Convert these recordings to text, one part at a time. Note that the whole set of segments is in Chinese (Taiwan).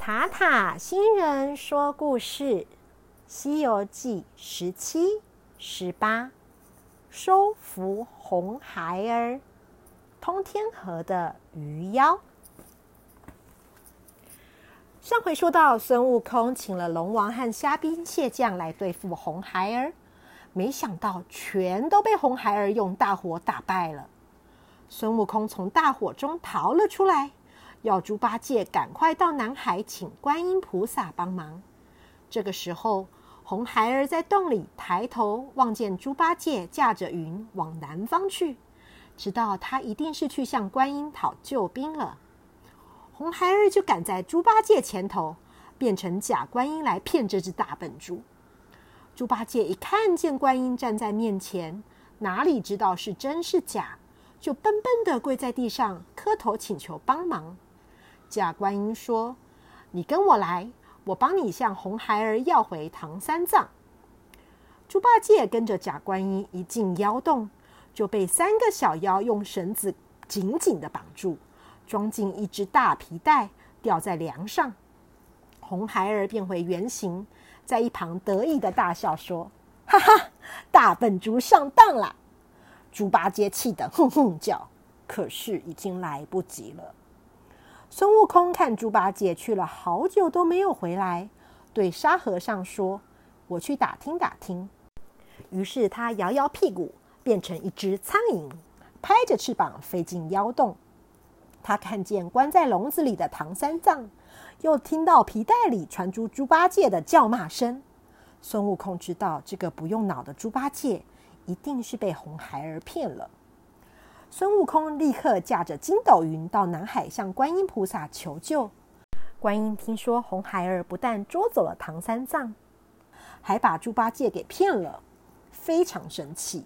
塔塔星人說故事：《西遊記》十七、十八，收服紅孩兒，通天河的魚妖。上回說到，孫悟空請了龍王和蝦兵蟹將來對付紅孩兒，沒想到全都被紅孩兒用大火打敗了。孫悟空從大火中逃了出來。要豬八戒趕快到南海請觀音菩薩幫忙。這個時候，紅孩兒在洞裡抬頭望見豬八戒駕着雲往南方去，知道他一定是去向觀音討救兵了。紅孩兒就趕在豬八戒前頭，變成假觀音來騙這隻大笨豬。豬八戒一看見觀音站在面前，哪裡知道是真是假，就笨笨的跪在地上磕頭請求幫忙。假觀音說：“你跟我來，我幫你向紅孩兒要回唐三藏。”豬八戒跟着假觀音一進妖洞，就被三個小妖用繩子緊緊的綁住，裝進一隻大皮袋，吊在梁上。紅孩兒變回原形，在一旁得意的大笑說：“哈哈，大笨豬上當了！”豬八戒氣得哼哼叫，可是已經來不及了。孫悟空看豬八戒去了好久都沒有回來，對沙和尚說：“我去打聽打聽。”於是他搖搖屁股，變成一只蒼蠅，拍着翅膀飛進妖洞。他看見關在籠子裡的唐三藏，又聽到皮袋裡傳出豬八戒的叫罵聲。孫悟空知道這個不用腦的豬八戒，一定是被紅孩兒騙了。孫悟空立刻駕着筋斗雲到南海向觀音菩薩求救。觀音聽說紅孩兒不但捉走了唐三藏，還把豬八戒給騙了，非常生氣。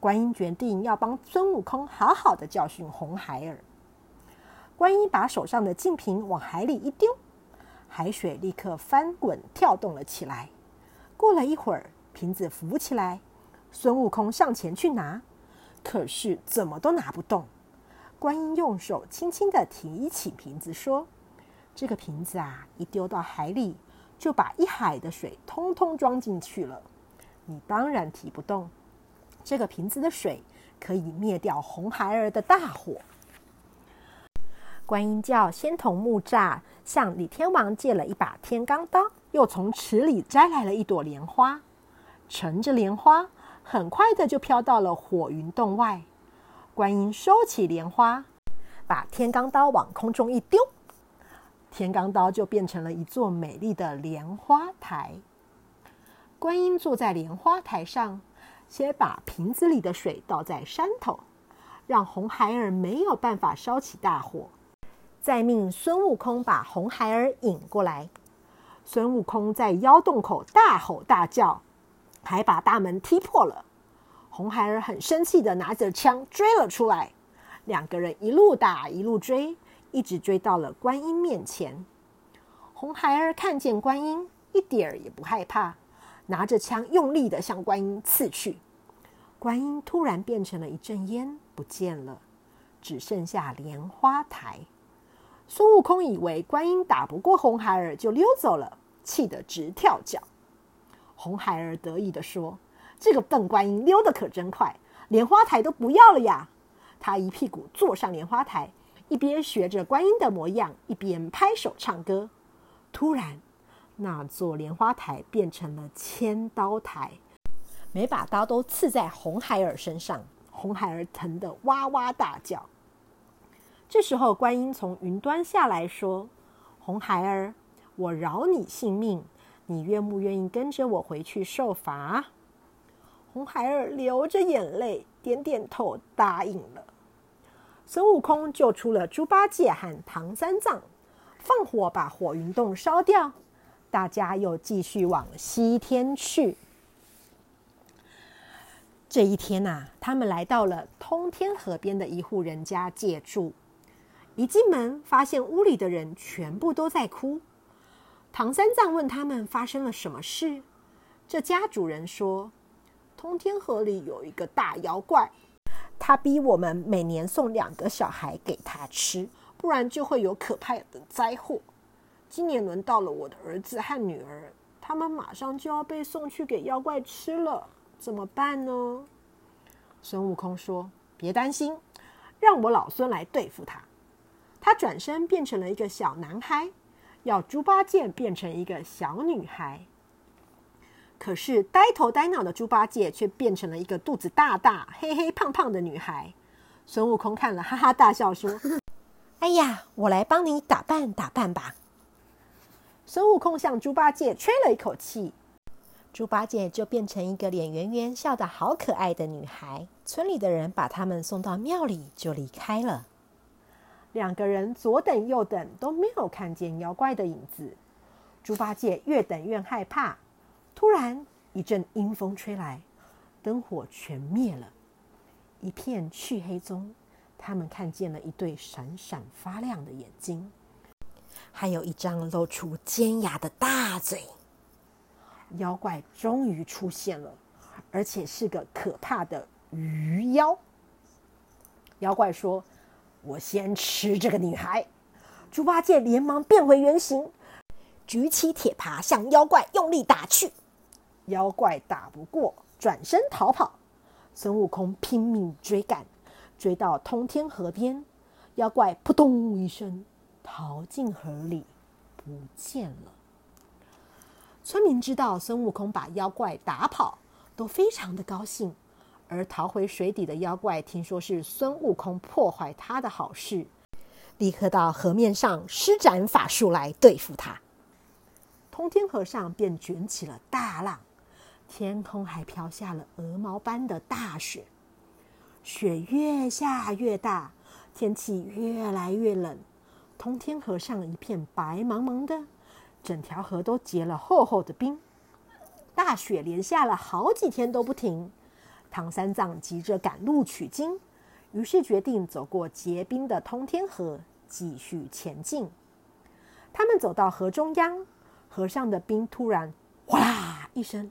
觀音決定要幫孫悟空好好的教訓紅孩兒。觀音把手上的淨瓶往海裡一丟，海水立刻翻滾跳動了起來。過了一會兒，瓶子浮起來，孫悟空上前去拿。可是怎麼都拿不動。觀音用手輕輕的提起瓶子，說：“這個瓶子啊，一丟到海裡，就把一海的水通通裝進去了。你當然提不動。這個瓶子的水可以滅掉紅孩兒的大火。”觀音叫仙童木吒向李天王借了一把天罡刀，又從池裡摘來了一朵蓮花，乘着蓮花。很快的就飄到了火雲洞外，觀音收起蓮花，把天罡刀往空中一丟，天罡刀就變成了一座美麗的蓮花台。觀音坐在蓮花台上，先把瓶子裡的水倒在山頭，讓紅孩兒沒有辦法燒起大火，再命孫悟空把紅孩兒引過來。孫悟空在妖洞口大吼大叫。還把大門踢破了，紅孩兒很生氣地拿着槍追了出來。兩個人一路打一路追，一直追到了觀音面前。紅孩兒看見觀音一點兒也不害怕，拿着槍用力地向觀音刺去。觀音突然變成了一陣煙，不見了，只剩下蓮花台。孫悟空以為觀音打不過紅孩兒，就溜走了，氣得直跳腳。紅孩兒得意地說：“這個笨觀音溜得可真快，蓮花台都不要了呀！”他一屁股坐上蓮花台，一邊學着觀音的模樣，一邊拍手唱歌。突然，那座蓮花台變成了千刀台，每把刀都刺在紅孩兒身上，紅孩兒疼得哇哇大叫。這時候，觀音從雲端下來，說：“紅孩兒，我饒你性命。”你願不願意跟着我回去受罰？紅孩兒流着眼淚，點點頭，答應了。孫悟空救出了豬八戒和唐三藏，放火把火雲洞燒掉。大家又繼續往西天去。這一天吶、啊，他們來到了通天河邊的一戶人家借住。一進門，發現屋裡的人全部都在哭。唐三藏問他們發生了什麼事，這家主人說：“通天河裡有一個大妖怪，他逼我們每年送兩個小孩給他吃，不然就會有可怕的災禍。今年輪到了我的兒子和女兒，他們馬上就要被送去給妖怪吃了，怎麼辦呢？”孫悟空說：“別擔心，讓我老孫來對付他。”他轉身變成了一個小男孩。要豬八戒變成一個小女孩，可是呆頭呆腦的豬八戒卻變成了一個肚子大大、黑黑胖胖的女孩。孫悟空看了哈哈大笑，說：“ 哎呀，我來幫你打扮打扮吧。”孫悟空向豬八戒吹了一口氣，豬八戒就變成一個臉圓圓、笑得好可愛的女孩。村裡的人把他們送到廟裡，就離開了。兩個人左等右等都沒有看見妖怪的影子，豬八戒越等越害怕。突然一陣陰風吹來，燈火全滅了，一片黢黑中，他們看見了一對閃閃發亮的眼睛，還有一張露出尖牙的大嘴。妖怪終於出現了，而且是個可怕的魚妖。妖怪說。我先吃這個女孩！豬八戒連忙變回原形，舉起鐵耙向妖怪用力打去。妖怪打不過，轉身逃跑。孫悟空拼命追趕，追到通天河邊，妖怪撲通一聲逃進河裡，不見了。村民知道孫悟空把妖怪打跑，都非常的高興。而逃回水底的妖怪，聽說是孫悟空破壞他的好事，立刻到河面上施展法術來對付他。通天河上便捲起了大浪，天空還飄下了鵝毛般的大雪。雪越下越大，天氣越來越冷，通天河上一片白茫茫的，整條河都結了厚厚的冰。大雪連下了好幾天都不停。唐三藏急着趕路取經，於是決定走過結冰的通天河，繼續前進。他們走到河中央，河上的冰突然嘩啦一聲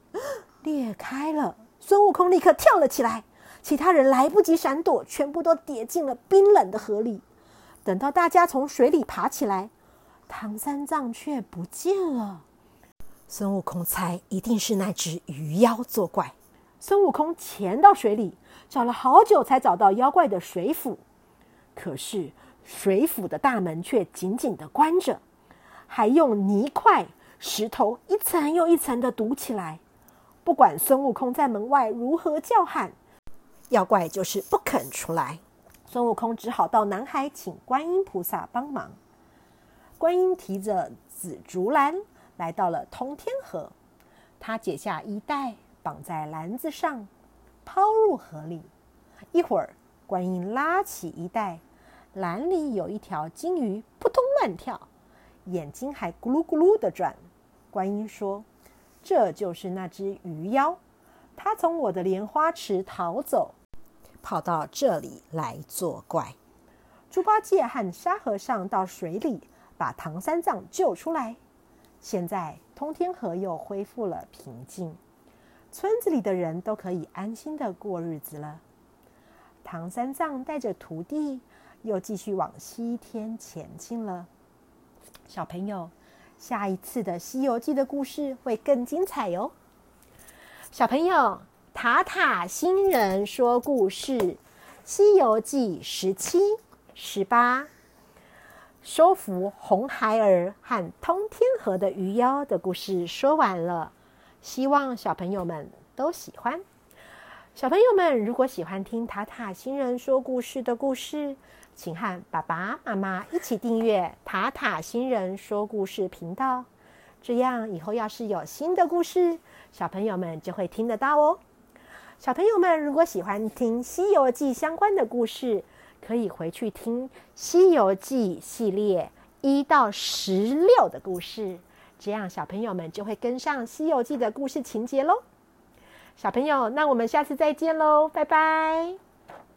裂開了。孫悟空立刻跳了起來，其他人來不及閃躲，全部都跌進了冰冷的河裡。等到大家從水裡爬起來，唐三藏卻不見了。孫悟空猜，一定是那隻魚妖作怪。孫悟空潛到水裡，找了好久才找到妖怪的水府，可是水府的大門卻緊緊地關着，還用泥塊、石頭一層又一層地堵起來。不管孫悟空在門外如何叫喊，妖怪就是不肯出來。孫悟空只好到南海請觀音菩薩幫忙。觀音提着紫竹籃來到了通天河，他解下衣帶。綁在籃子上，拋入河裡。一會兒，觀音拉起一袋，籃裡有一條金魚，撲通亂跳，眼睛還咕嚕咕嚕的轉。觀音說：“這就是那隻魚妖，它從我的蓮花池逃走，跑到這裡來作怪。”豬八戒和沙和尚到水裡把唐三藏救出來。現在通天河又恢復了平靜。村子裡的人都可以安心的過日子了。唐三藏帶着徒弟又繼續往西天前進了。小朋友，下一次的《西遊記》的故事會更精彩喲、哦。小朋友，塔塔星人說故事，《西遊記》十七、十八，收服紅孩兒和通天河的魚妖的故事說完了。希望小朋友們都喜歡。小朋友們如果喜歡聽塔塔星人說故事的故事，請和爸爸媽媽一起訂閱塔塔星人說故事頻道。這樣以後要是有新的故事，小朋友們就會聽得到哦。小朋友們如果喜歡聽《西遊記》相關的故事，可以回去聽《西遊記》系列一到十六的故事。這樣，小朋友們就會跟上《西遊記》的故事情節嘍。小朋友，那我們下次再見嘍，拜拜。